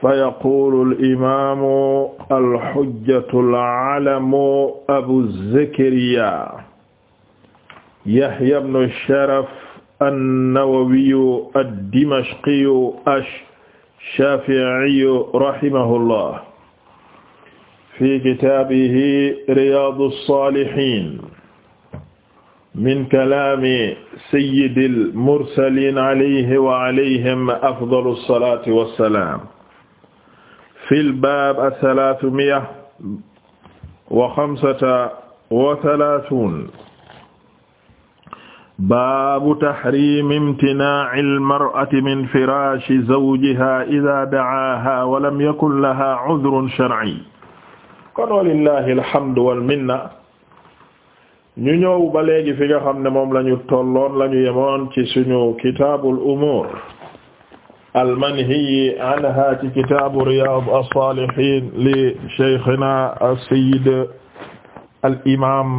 fa yaqulu al-imaamu al-hujjatu al-alamu abu zakariya yahya ibnu sharaf an-nawawiyu ad-dimashqiyu ash-shaafi'iyu rahimahullah fi kitaabihi riyaadu s-saalihiin min kalaami sayyidil mursaliin alayhi wa alayhim afdalu s-salaati wa s-salaam fil baab asalaasu miya wa xamsata wa salaasuun baabu taxriimi imtinaa'i almar'ati min firaashi zawjihaa izaa da'aahaa wa lam yakun lahaa cudrun sharciy. kon walillaahi alhamdu wal minna. ñu ñëw ba léegi fi nga xam ne moom lañu tolloon lañu yemoon ci suñu kitaabul umuur. almanhiyi anha ci kitaabu Riyaadu as-Saalihiin li Shaykhinaa as-Sayyid al-Imaam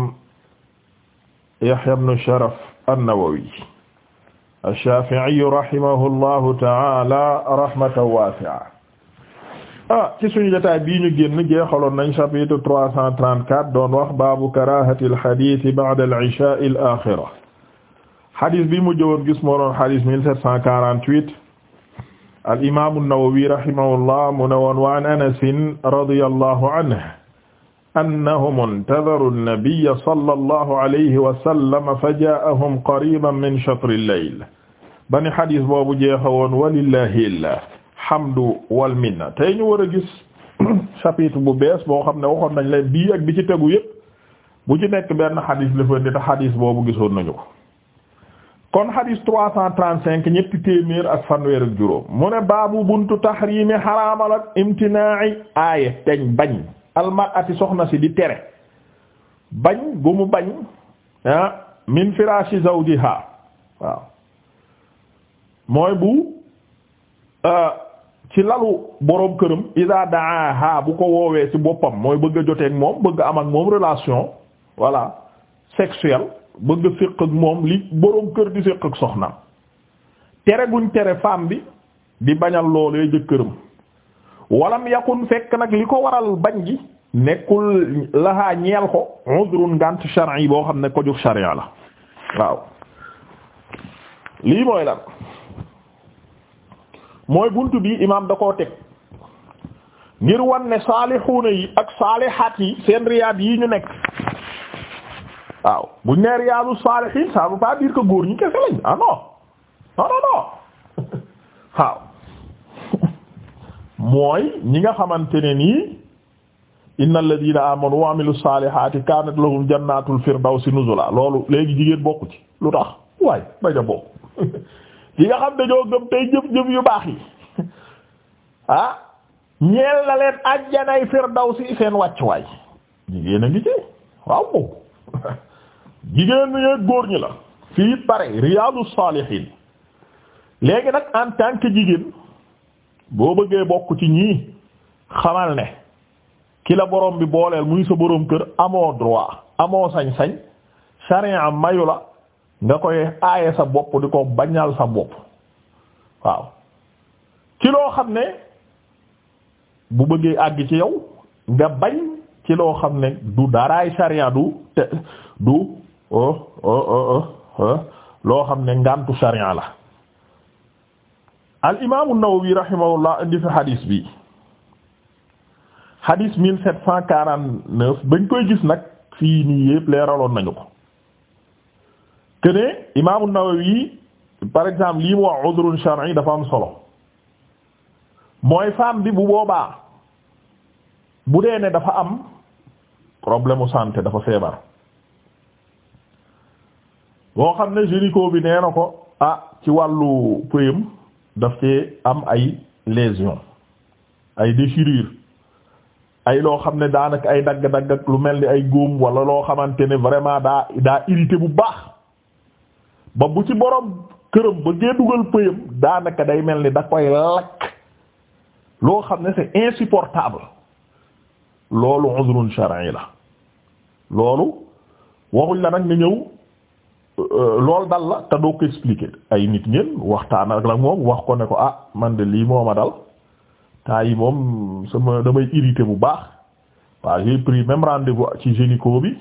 Yahyaa ibnu Sharaf an-Nawawi ash-Shaafi'i rahimahullahu ta'aala rahmatan waasi'a. ah ci suñu jotaay bii ñu génn jeexaloon nañ chapitre 334 doon wax baabu karaahati al-hadiis ba'da al-'ishaa'i al-aaxira. xadis bi mu jëwoon gis moo doon xadis 1748. al imaamu nawawi rahimahullah mu ne woon wa an anasin radiyallahu anhu annahum intadaru nabiyya sallallahu alayhi wa sallam fa jaa'ahum qariiban min shatri al-layl bani xadis boobu jeexa woon walillahi alhamdu wal minna tey ñu war a gis chapitre bu bees boo xam ne waxoon nañ leen bii ak bi ci tegu yëpp bu ci nekk benn xadis la fa nit a xadis boobu gisoon nañu ko kon hadis trois cent trente cinq ñetti téeméer ak fanweer ak juróom mu ne baabu buntu tahrimi xaraamal ak imtinaa'i aaye teñ bañ almar ati soxna si di tere bañ gu mu bañ ah min firaashi zawjiha waaw mooy bu ah, ci lalu boroom këram iza da'aha bu ko woowee ci boppam mooy bëgg a joteeg moom bëgg am ak moom relation voilà sexuelle bëgg a moom li boroom kër di séq ak soxnaam tere guñ tere femme bi di bañal loolee jëkkëram walam yakun fekk nag li ko waral bañ gi nekkul laxaa ñeel ko udrun ngànt shar'i boo xam ne ko jug sharia la waaw lii mooy lan mooy buntu bi imaam da koo teg ngir wan ne saalixuuna yi ak saalixaat yi seen riyaad yi ñu nekk waaw buñ nee riyaadu saalihiin ça veut pas dire góor ñi kese lañ ah non ah non non non waaw mooy ñi nga xamante ne nii innal ladina amanu wa amilu saalihaati kaanat lahum jannatul firdawsi nuzula loolu léegi jigéen bokku ci lu tax waaye bañ a bokk yi nga xam dañoo gëm tey jëf jëf yu baax yi ah ñeel na leen ajjanay firdawsi seen wàccuwaay jigéen a ngi ci waaw bokk jigéen ñi góor ñi la fii pare Riyadous Salihine léegi nag en tant jigéen boo bëggee bokk ci ñii xamal ne ki borom bi booleel muy sa borom kër amoo droit amoo sañ-sañ sharia mayu la nga koy aaye sa bopp di ko bañal sa bopp waaw ci loo xam ne bu bëggee àgg ci yow nga bañ ci loo xam ne du daraay sharia du te du Oh, oh, oh, loo xam ne ngantu sharia la al imaamu Nawawi rahimahullah indi fi hadis bi hadis mille sept cent quarante-neuf bañ koy gis nag fii nii yëpp leeraloon nañu ko que ne imaamu Nawawi par exemple lii mu wax udrun shar'i dafa am solo mooy femme bi bu boobaa bu dee ne dafa am problème mu santé dafa feebar. boo xam ne Jéricho bi nee na ko ah ci wàllu pëyam daf cee am ay lésions ay déchirures ay loo xam ne daanaka ay dagg-dagg lu mel ni ay góom wala loo xamante ne vraiment daa daa irrité bu baax ba bu ci borom këram ba gee dugal pëyam daanaka day mel ni da koy lakk loo xam ne c'est insupportable loolu uzrun yi la loolu waxuñ la nag nga ñëw. Euh, loolu dal la te doo ko expliquer ay nit ngeen waxtaan ak la moom wax ko ne ko ah man de lii moo ma dal temps yi moom sama damay irrité bu baax waaw j'ai pris même rendez-vous ci gynéco bi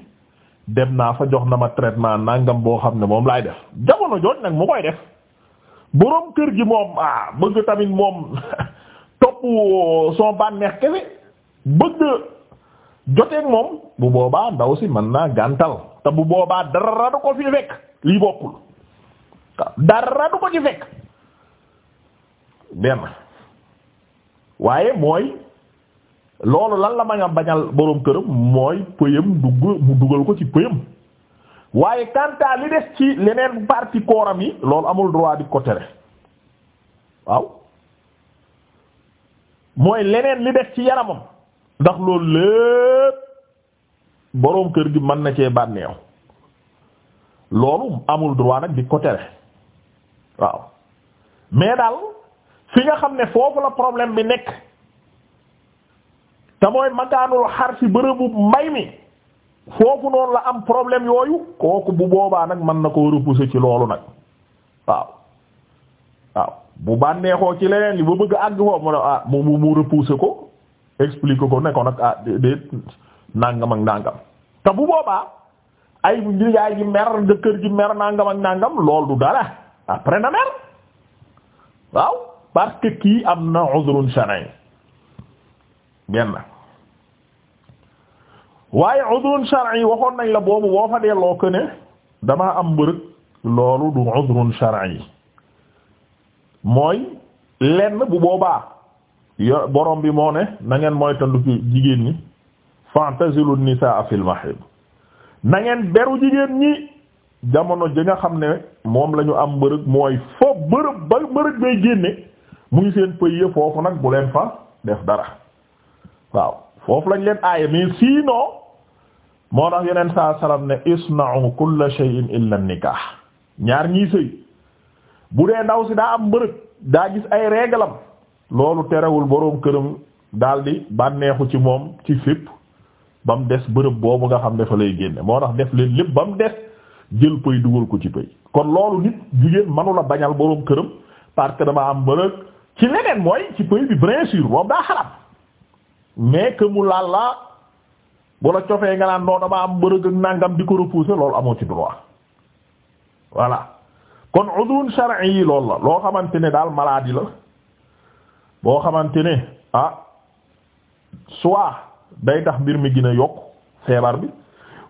dem naa fa jox na ma traitement nangam boo xam ne moom laay def jamono jooj nag mu koy def boroom kër gi moom ah bëgg tamit moom topp son bànneex kese bëgg joteeg moom bu boobaa ndaw si mën naa gàntal te bu boobaa dara du ko fi fekk. lii bokkul dara du ko ci fekk benn waaye mooy loolu lan la ma nga bañal boroom këram mooy pëyam dugg mu dugal ko ci pëyam waaye kantaa li des ci leneen parti kooram yi loolu amul droit di ko waaw mooy leneen li des ci yaramam ndax loolu lépp boroom kër gi mën na cee bànneew loolu amul droit nag di ko tere waaw mais daal fi nga xam ne foofu la problème bi nekk te mooy makaanul xar si bërëbu mbay mi foofu noonu la am problème yooyu kooku bu boobaa nag mën na koo repousser ci loolu nag waaw waaw bu bànneexoo ci leneen li ba bëgg a àgg foofu mu ne ah mu mu ko expliquer ko ne nag ah déet nàngam te bu boobaa ay bu njigaay ji mer jëkkër ji mer nangam ak nangam lool du dara après na mer waaw parce que kii am na uzrun shar'i genn waaye uzrun shar'i waxoon nañ la boobu boo fa delloo ko ne damaa am mbërëg loolu du uzrun shar'i mooy lenn bu boobaa yo borom bi moo ne ngeen mooy tandu fi jigéen ñi fantazilu nisaa fil mahid na ngeen beru jigéen ñi jamono ji nga xam ne moom lañu am mbërëg mooy foofu bërëb ba mbërëg bay génne muy seen pëy ya foofu nag bu leen fa def dara waaw foofu lañ leen aaye mais sinon moo tax yeneen saa salam ne isna'u kulla shay'in illa nikah ñaar ñii sëy bu dee ndaw si daa am mbërëg daa gis ay régalam loolu terewul boroom këram daldi bànneexu ci moom ci fépp ba mu des bërëb boobu nga xam ne fa lay génne moo tax def leen lépp ba mu des jël pëy dugal ko ci pëy kon loolu nit jigéen manula bañal boroom këram parce que dama am bërëg ci leneen mooy ci pëy bi bien sûr daa xaram mais këmu mu laal la bu la cofee nga naan noo dama am bërëg ak nàngam di ko repousser loolu amoo ci droit voilà kon udun shar'i yi loolu la loo xamante ne daal maladie la boo xamante ne ah soit day tax mbir mi gën a yokk feebar bi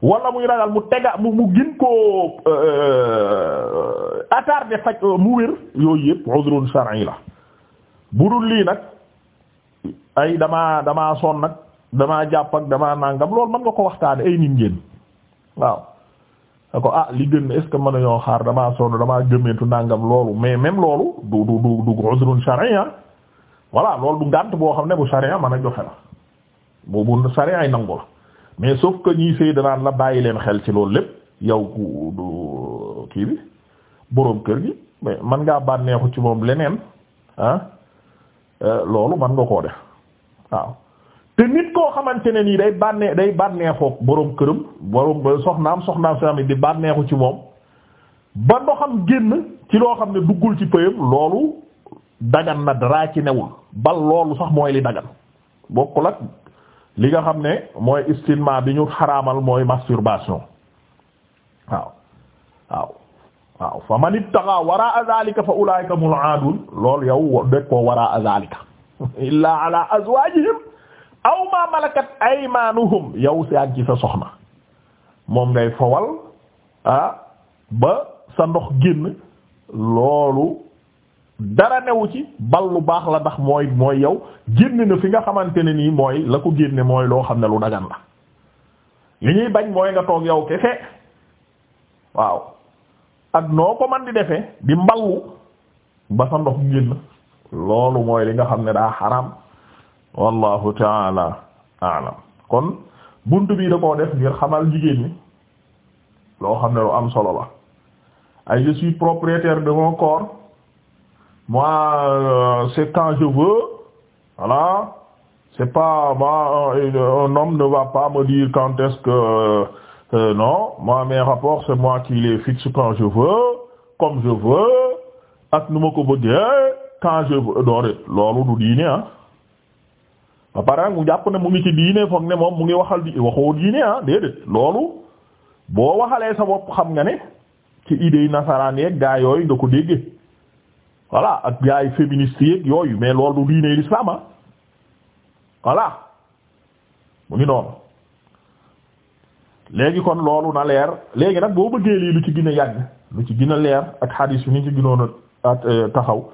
wala muy ragal mu tega mu mu gën koo euh, euh, attardé faj euh, mu wér yooyu yëpp uzrun shar'i la bu dul lii nag ay damaa damaa son nag damaa jàpp ak damaa nangam loolu mën nga ko waxtaane ay nit ngeen waaw da ko ah li gën est ce que mën nañoo xaar damaa sonn damaa gëmeentu nangam loolu mais même loolu du du du du uzrun shar'i ah. voilà loolu du ngànt boo xam ne bu shar'i ah, mën a joxe la bu bu sariya ay nangu la mais sauf que ñiy sëy danaan la bàyyi leen xel ci loolu lépp yow ku du kii bi boroom kër gi mais man ngaa bànneexu ci moom leneen ah euh, loolu man nga koo def waaw te nit koo xamante ne nii day bànnee day bànneexoo boroom këram boroom soxnaam soxnaam si di bànneexu ci moom ba doxam génn ci loo xam ne duggul ci pëyam loolu dagan na dara ci newul bal loolu sax mooy li dagan bokkul ak li nga xam ne mooy istinma bi ñu xaraamal mooy masturbation waaw waaw waaw fa man ibtaga waraa zalika fa ulaika mul'adun lool yow deg koo waraa zalika illa ala azwajihim aw ma malakat aymanuhum yow saag ci sa soxna moom ngay fowal ah, ba sa ndox génn loolu dara newu ci bal lu baax la ndax mooy mooy yow génn na fi nga xamante ne nii mooy la ko génne mooy loo xam ne lu dagan la li ñuy bañ mooy nga toog yow kese waaw ak noo ko man di defee di mballu ba sa ndox génn loolu mooy li nga xam ne daa xaram wallahu taala alam kon bunt bii da koo def ngir xamal jigéen ñi loo xam ne lu am solo la ay je propriétaire de mon moi euh, c'est quand je veux voilà c'est pas moi euh, un homme ne va pas me dire quand est-ce que euh, euh, non moi mes rapports c'est moi qui les fixe quand je veux comme je veux ak nu ma ko bëggee quand je veux doore loolu du diine ah ba pare mu jàpp ne mu ngi ci diine foog ne moom mu ngi waxal di waxoo diine ah déedéet loolu boo waxalee sa bopp xam nga ne ci idée yi nasaraan yeeg gaa yooyu nga ko déggee voilà ak gars yi féministes yeeg yooyu mais loolu du diine l'islam ah mu ngi noonu léegi kon loolu na leer léegi nag boo bëggee lii lu ci gën a yàgg lu ci gën a leer ak hadis bi ni ci gënoon a euh, taxaw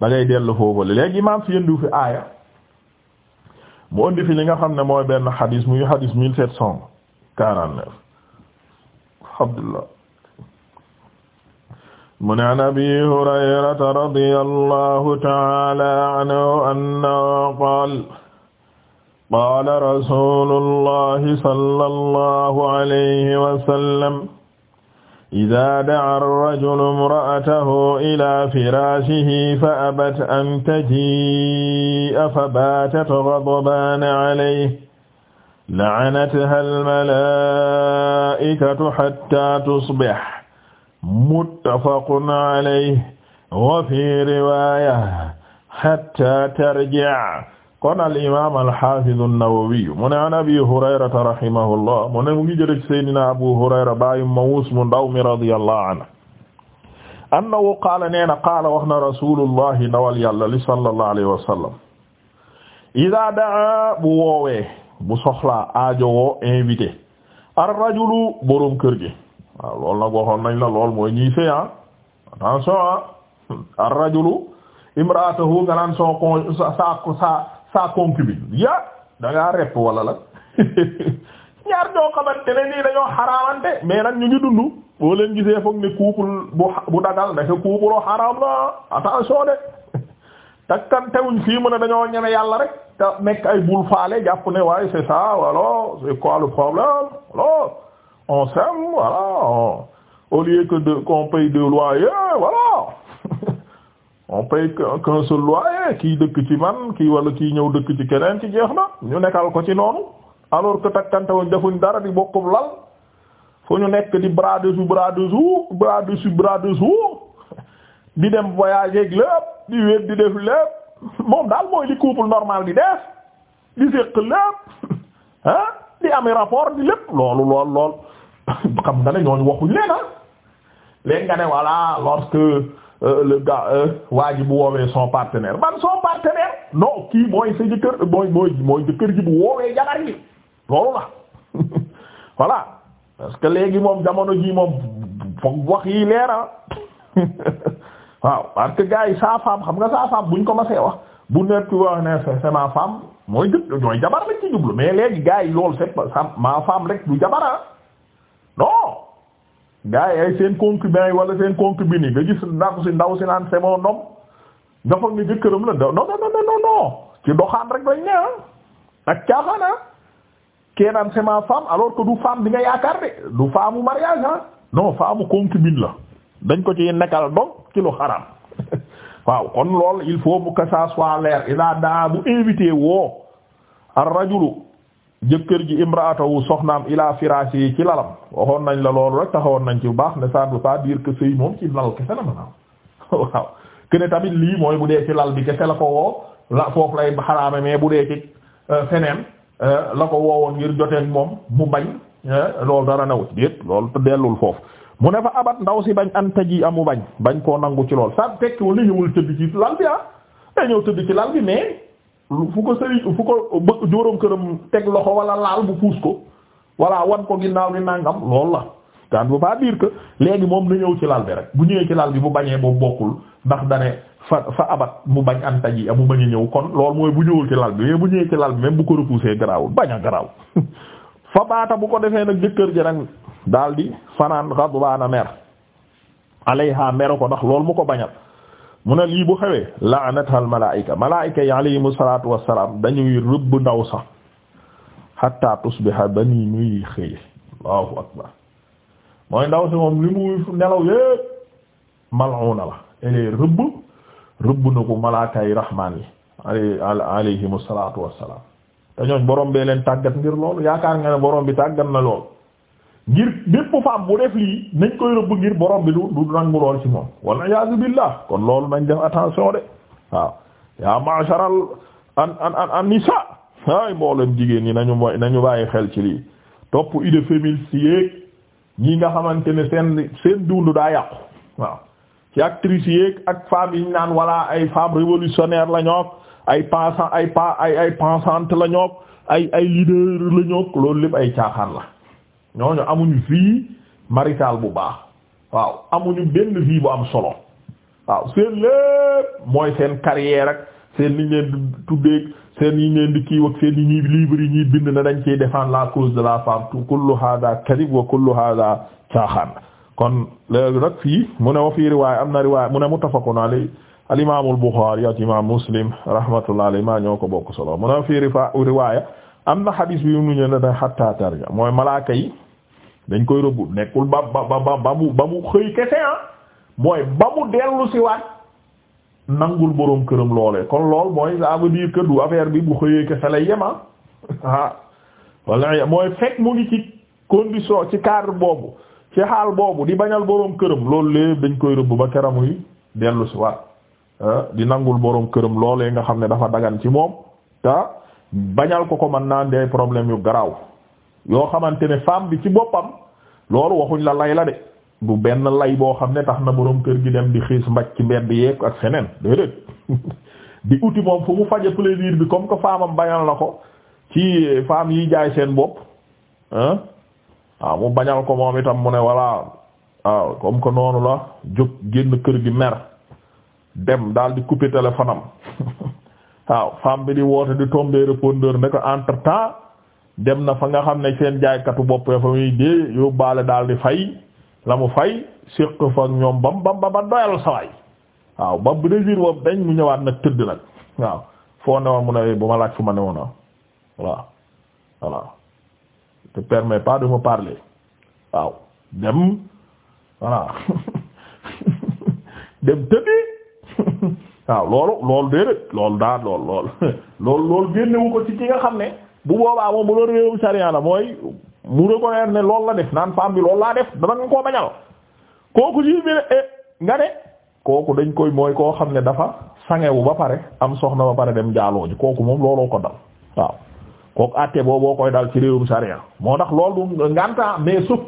da ngay dellu foofule léegi imaam fi yëndu fi aaya mu indi fi li nga xam ne mooy benn hadis muy hadis mille sept cent quarante neuf alhamdulillah mu ne an abi hurayrata radiya allahu taala anhu annahu qaala qaala rasulullahi sallallahu alayhi wa sallam idaa da'a ar-rajulu imra'atahu ilaa firaashihi fa abat an tajii'a fabaatat ghadbaana alayhi la'anathaa al-malaa'ikatu hattaa tusbih muttafaqun alayhi wa fi riwaya hatta tarji' kon al imam alhafidu an-Nawawi mu ne an abi hurayrata rahimahullah mu ne mu ngi jële ci seydina abu hurayra bàyyu mawuus mu ndaw mi radiyallahu anhu annahu qaala nee na qaala wax na rasulullahi ndawal yàlla li sallallahu alayhi wa sallam ida daa bu woowee bu soxlaa aajo woo invité ar rajulu boroom kër gi waaw loolu nag waxoon nañ la lool mooy ñiy sëy ah attention ah ar rajulu imraatahu nga naan son con ya da ngaa repp wala la ñaar ñoo xamante ne nii dañoo xaraamante mais ñu ngi dund boo leen gisee foog ne couple bu bu dagal ndeke couple o xaraam la attention de takkantewuñ fii mu ne dañoo ñeme yàlla rek te nekk ay bul faale jàpp ne waaye c'est ça voilà c'est quoi le problème lo on s'aime voilà on, au lieu que de qu'on paye deux loyers voilà on paye qu'un seul loyer kii dëkk ci man kii wala kii ñëw dëkk ci keneen ci jeex na ñu nekkal ko ci noonu alors que takkantewuñ defuñ dara di bokkum lal fu ñu nekk di bras dessous bras dessous bras dessus bras dessous di dem voyager ak lépp di wéet di def lépp moom daal mooy li couple normal di def di séq lépp ah di ami rapport di lépp loolu lool lool xam nga ne ñooñu waxuñ leen ah léegi nga ne voilà lorsque euh, euh, waa ji bu woowee son partenaire man son partenaire non kii mooy sa jëkkër mooy mooy mooy jëkkër ji bu woowee jabar ji loolu la voilà parce que léegi moom jamono ji moom foog wax yi leera ah. waaw parce que gars yi sa femme xam nga sa femme buñ ko masee wax bu nekk wax ne c'est ma femme mooy jëkkër ñooy jabar lañ ci jublu mais léegi gars yi loolu c'est ma femme rek du jabara ah. non gars yi ay seen concubin yi wala seen concubine yi nga gis ndax si ndaw si naan c'est mon homme nga foog ni jëkkëram la non non non non non ci doxaan rek lañ ne ah ak caaxaan ah kee naan alors que du femme bi nga yaakaar de du femme mariage ah non femme concubine la dañ ko ci nekkal donc ci lu waaw kon lool il faut que ça soit leer il a daa bu invité woo ar rajulu jëkkër ji imraatawu soxnaam ila firaasi yi ci lalam waxoon nañ la loolu rek taxawoon nañ ci bu baax ne ça ne veut pas dire que sëy moom ci lal kese la mooy bu dee lal bi kese la ko woo la mais bu dee euh, feneen euh, la ko woowoon ngir joteen moom mu bañ euh, loolu dara newut ci déet loolu te dellul foofu mu ne fa abat ndaw si bañ an ji amu bañ bañ koo nangu ci lool sa tekkiwul ni ñëwul tëdd ci lal bi ah day ñëw tëdd ci lal bi mais fu ko sëriñ fu ko bë jóoram këram teg loxo wala laal bu puus ko wala wan ko ginnaaw ni nangam loolu la ça ne veut pas dire léegi moom na ñëw ci lal bi rek bu ñëwee ci lal bi mu bañee boobu bokkul ndax dane fa fa abat mu bañ anta ji mu bañ ñëw kon lool mooy bu ñëwul ci lal bi mais bu ñëwee ci lal bi même bu ko repoussé garaawul bañ a garaaw fa baata bu ko defee nag jëkkër ji nag daal di fanaan xadbaana mer alayha mero ko ndax loolu mu ko bañal mu ne lii bu xewee laanataal malaayika malaayika yi alayhimu salaatu wassalaam dañuy rëbb ndaw sax hatta tusbiha ba nii ñuy xëye allahu akbar mooy ndaw si moom li muy nelaw yépp mal'una la ele rëbb rëbb na ko malaakay rahmaan yi al alayhimu salaatu wassalaam te ñooñ borom bee leen tàggat ngir loolu yaakaar nga ne borom bi tàggat na loolu ngir bépp femme bu def lii nañ koy rëbb ngir borom bi du nangu lool ci moom walla iyaazu billah kon loolu nañ def attention de waaw yaa ma'sharal an an an an nisa ay jigéen ñi nañu nañu bàyyi xel ci lii topp idée féministe yéeg ñi nga xamante ne seen seen dund daa yàqu waaw ci actrice yéeg ak femmes yi ñu naan walla ay femmes révolutionnaires la ñoog ay pensant ay pa ay ay pensante la ñoog ay ay leader la ñoog loolu lépp ay caaxaan la ñooñu amuñu fii maritale bu baax waaw amuñu benn vie bu am solo waaw seen lépp mooy seen carrière rek seen liñ leen di tuddeeg seen liñ leen di kii ak seen li ñuy livre yi ñuy bind na dañ ciy défendre la cause de la femme kullu hada kadib wa kullu hada caaxaan kon léegi fii mu ne wa fii riwaaya am na riwaaya mu ne muttafaqun alayhi al imam al Bukhari ak imam Muslim rahmatullahi alayhi maa ñoo ko bokk solo mu ne wa fii riwaaya am na xadiis bi mu ñu ne hatta tarja dañ koy rëbb nekkul ba ba ba ba mu ba mu xëy kese ah mooy ba mu dellu si waat nangul boroom këram loolee kon lool mooy ça veut affaire bi bu xëyee kese lay yem ah. Ah. mooy fekk ngi ci condition ci cadre boobu ci boobu di bañal boroom këram loolu lépp dañ koy rëbb ba keroog muy dellu si waat ah. di nangul boroom këram loolee nga xam ne dafa dagan ci moom te bañal ko ko mën naa ndey problème yu garaaw. yoo xamante ne femme bi ci boppam loolu waxuñ la lay la de bu benn lay boo xam ne tax na boroom kër gi dem di xiis mbaj ci mbedd yeeg ak seneen déedéet di uti moom fu mu faje plaisir bi comme que faamam bañal la ko ci femme yi jaay seen bopp waaw ah, mu bañal ko moom itam mu ne voilà waaw ah, comme que noonu la jóg génn kër gi mer dem daal di couper téléphone waaw ah, femme bi di woote di tomber répondeur ne ko dem na fa nga xam ne seen jaaykatu bopp ya fa daal di fay la mu fay séq fa ak ñoom bam bam ba ba doyal saway waaw ba bu désir dañ mu ñëwaat nag tëdd nag waaw foo newoon mu ne bu ma laaj fu ma newoon waaw ah. voilà waaw dem voilà dem tëddi waaw loolu loolu déedéet loolu daal lool lool loolu loolu génnewu ko ci ki nga xam ne bu boobaa moom bu loolu réewum sariya la mooy mu reconnaître ne loolu la def naan femme bi lool laa def dama nga koo bañal kooku juif bi eh, nga ne kooku dañ koy mooy koo xam ne dafa sangewu ba pare am soxna ba pare dem jaaloo ji kooku moom looloo ko dal waaw kooku àtte booboo koy dal ci réewum sariya moo tax loolu du nganta mais sauf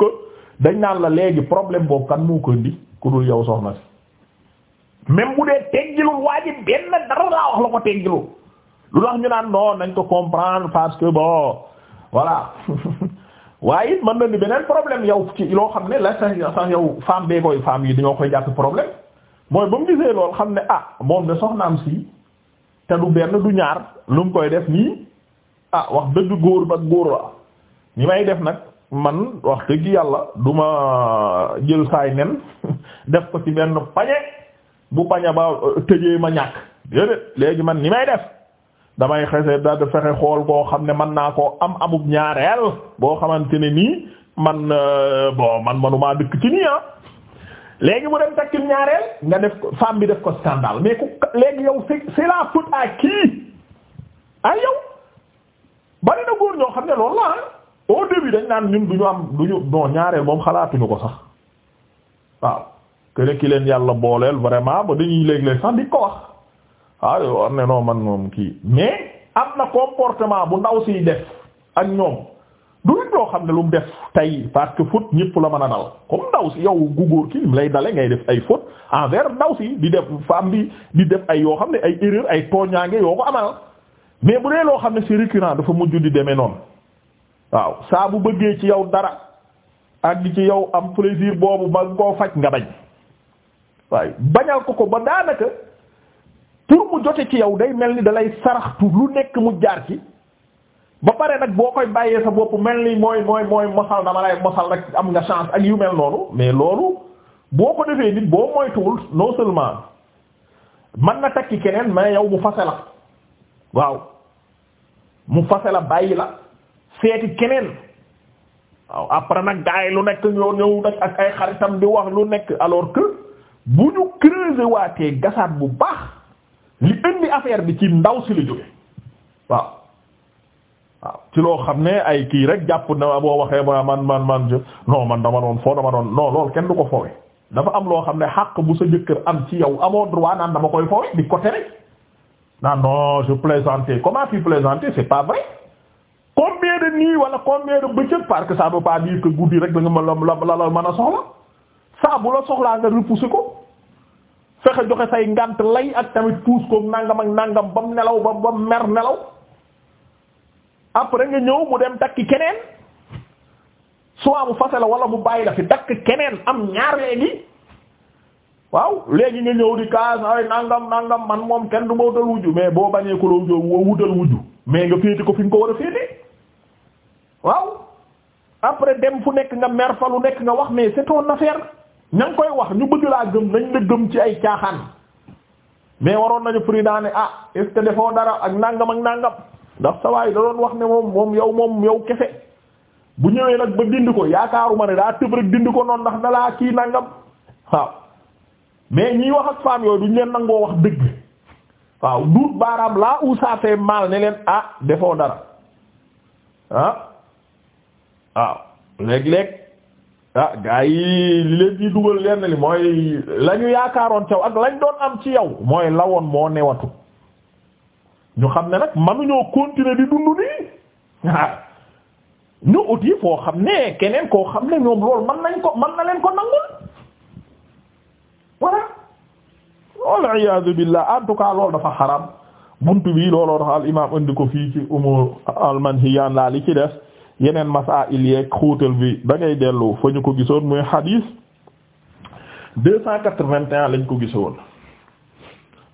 dañ naan la léegi problème boobu kan moo ku dul yow soxna si même bu dee teggilul waa ji benn dara laa wax la ko teggilul lu tax ñu naan non nañ ko comprendre parce que bon voilà waaye it mën na ni beneen problème yow ci loo xam ne la sax sax yow femme bee koy femme yi dañoo koy jàpp problème mooy ba mu gisee lool xam ne ah moom de soxnaam si te du benn du ñaar lum koy def nii ah wax dëgg góor ba góor la ñi may def nag man wax dëgg yàlla du ma jël saay nen def ko ci benn pañe bu pañe ba euh, tëjee ma ñàkk déedéet léegi man ni may def damay xese da fexe xool koo xam ne man naa ko am amub ñaareel boo xamante ne nii man euh, bon man manumaa dëkk ci nii ah léegi mu dem takkin ñaareel nga def ko femme bi def ko scandale mais ku léegi yow c'est la faute à qui ah yow bari na góor ñoo xam ne loolu la ah. au début dañ naan ñun du am du ñu non ñaareel moom xalaatuñu ko sax waaw que ki leen yàlla booleel vraiment ba dañuy léeg-léeg sax di ko wax. ah yow am na noo man moom kii mais am na comportement bu ndaw siy def ak ñoom du nit loo xam ne lu mu def tey parce que faute ñëpp la mën a dal comme ndaw si yow gu góor ki lay dale ngay def ay faute envers ndaw si di def am bi di def ay yoo xam ne ay erreur ay tooñaange yoo ko amal mais bu dee loo xam ne c'est récurrent dafa mujj di demee noonu waaw saa bu bëggee ci yow dara ak gi ci yow am plaisir boobu ba koo faj nga bañ waaye bañal ko daanaka. pour mu jote ci yow day mel ni dalay saraxtu lu nekk mu jaar ci ba pare nag boo koy bàyyee sa bopp mel ni mooy mooy mooy mosal dama lay mosal rek am nga chance ak yu mel noonu mais loolu boo ko defee nit boo moytuwul non seulement mën na takki keneen mais yow mu fase la waaw mu fase la bàyyi la seeti keneen waaw après nag gars lu nekk ñoo ñëw nag ak ay xaritam di wax lu nekk alors que bu ñu creuser waatee gasaat bu baax li indi affaire bi ci ndaw si la jóge waaw waaw ci loo xam ne ay kii rek jàpp na boo waxee ma man man man non man dama doon foo dama doon non loolu kenn du ko foowee dafa am loo xam ne xàq bu sa jëkkër am ci yow amoo droit naan dama koy foowee di côté rek non non je plaisantais comment tu plaisantais c'est pas vrai combien de nuit wala combien de bëccëg parce que ça pas dire que guddi rek da ma la la la mën a soxla saa bu la soxlaa nga repousser ko fexe joxe say ngant lay ak tamit puus ko nangam ak nangam ba mu nelaw ba ba mer nelaw après nga ñëw mu dem takki keneen su mu fase la wala mu bàyyi la fi takk keneen am ñaar léegi waaw léegi nga ñëw di kaas ay nangam nangam man moom kenn du ma wutal wujju mais boo bañee ko la wujju wutal wujju mais nga féete ko fi nga ko war a féete waaw après dem fu nekk nga mer fa lu nekk nga wax mais c'est na affaire. ña koy wax ñu bëgg laa gëm nañ la gëm ci ay caaxaan mais waroon nañu fri daa ne ah est defoo dara ak nàngam ak nàngam ndax sa waay da doon wax ne moom moom yow moom yow kefe bu ñëwee nag ba dindi ko yaakaaruma ne daa tëb rek dindi ko noonu ndax dalaa kii nàngam waaw mais ñiy wax ak femme yooyu duñ leen nangoo wax dëgg waaw duut baaraam laa où ça fait mal ne leen ah defoo dara ah waaw léeg-léeg ah gaa yi li leen di dugal lenn li mooy la yaakaaroon caw ak lañ doon am ci yow mooy lawoon moo newatu ñu xam ne nag mënuñoo continuer di dund nii ah. ñu uti foo xam ne keneen koo xam ne ñoom loolu man nañ ko man na leen ko nangul voilà wal iyaadu billah en tout dafa xaram buntu bi looloo tax al imaam indi ko fii ci umu al manhiyan la li ci des yeneen masaa'il yeeg xuutal bi da ngay dellu fa ñu ko gisoon muy hadis deux cent quatre-vingt-un lañ ko gisoon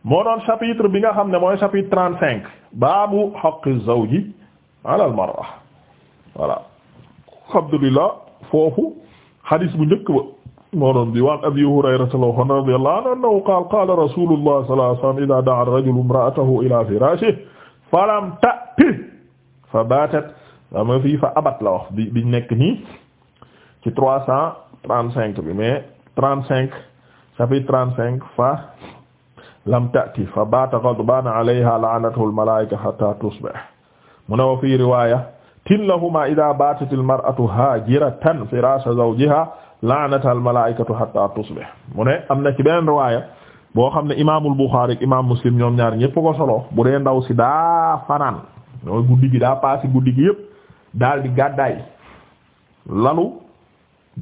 moo doon chapitre bi nga xam ne mooy chapitre trente-cinq baabu haqqi zawji ala al-mar'a voilà alhamdulillah foofu hadis bu njëkk ba moo doon bi waan abi hurayrata la waxoon radiyallahu anhu annahu qaala qaala rasulullah sallallahu alayhi wa sallam idha da'a ar-rajulu imra'atahu ila firashihi falam ta'ti fabatat ama fii fa abat la wax bi biñ nekk nii ci trois cent trente cinq bi mais trente cinq chapitre trente cinq fa lam tati fa bata ghadbana alayha la'anatuhu al-malaa'ika hatta tusbih mu ne wa fii riwaya tin lahuma idha batat mu ne am na ci beneen riwaya boo xam ne imaamul Buxaari ak imaam Muslim ñoom ñaar ñépp ko solo bu dee ndaw si daa fanaan mooy guddi gi daa passé guddi gi yépp daal di gàddaay lalu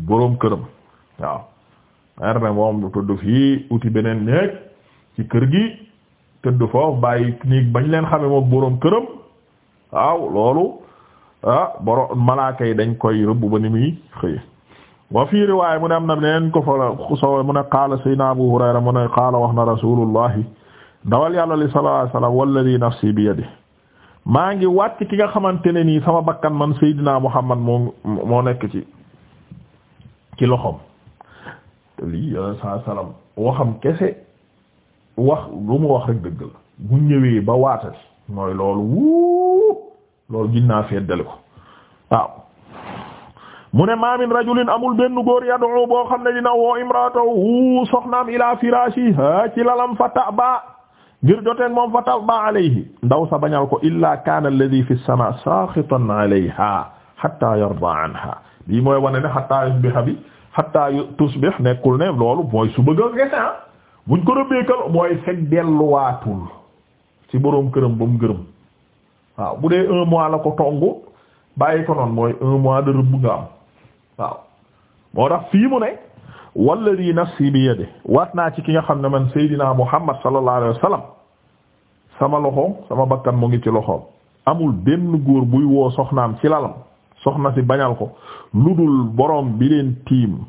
boroom këram waaw ar ne moom du tëdd fii uti beneen néeg ci kër gi tëdd foofu bàyyi néeg bañ leen xame moom boroom këram waaw loolu ah boroom yi dañ koy rëbb ba ni muy xëy wa fii riwaaya mu ne am na beneen ko fa sowe mu ne qaala sayyidina Abu Hurayra mu ne qaala wax na rasulullahi dawal yàlla li sallallahu alayhi wasallam walladi nafsi bi yadihi maa ngi wàcc ki nga xamante ne nii sama bakkan man Seydina Muhammad moo moo nekk ci ci loxoom te lii yàlla saa waxam kese wax lu mu wax rek dëgg la bu ñëwee ba waatati mooy loolu wuu loolu ginnaa feddali ko waaw mu ne ma rajulin amul benn góor yad'u boo xam ne dina woo imratahu soxnaam ila firaashi ci lalam fata ba ngir joteen moom fa talba alayhi ndaw sa bañal ko illa kaana alladhi fi sama saxitan alayha hatta yarda anha bii mooy wane ne hatta yusbiha bi hatta tusbih nekkul ne loolu mooy su bëgg a ah. buñ ko rëbbeekal mooy fekk delluwaatul ci boroom këram ba mu gërëm waaw bu dee un mois la ko tongu bàyyi ko noonu mooy un mois de rëbb nga waaw moo tax fii mu ne walladi nafsi bi yadihi waat naa ci ki nga xam ne man Seydina Muhammad sallallahu alayhi wa sallam sama loxo sama bakkan mu ngi ci loxoom amul benn góor buy woo soxnaam ci lalam soxna si bañal ko lu dul borom bi leen tiim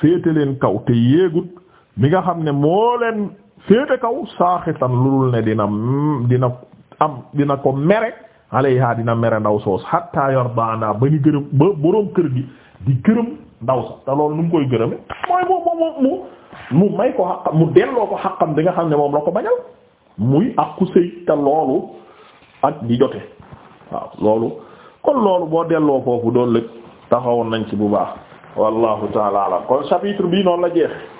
féete leen kaw te yéegut bi nga xam ne moo leen féete kaw saaxitan lu dul ne dina dina am dina ko mere alayha dina mere ndaw soos hatta yarda naa ba ñu gërëm ba borom kër gi di gërëm. ndaw sax te loolu nu mu koy gërëme mooy mu mu mu mu may ko xaq mu delloo ko xaqam bi nga xam ne moom la ko bañal muy ak ku sëy te loolu ak di jote waaw loolu kon loolu boo delloo foofu doon lépp taxawoon nañ ci bu baax wallahu taala alam kon chapitre bii noonu la jeex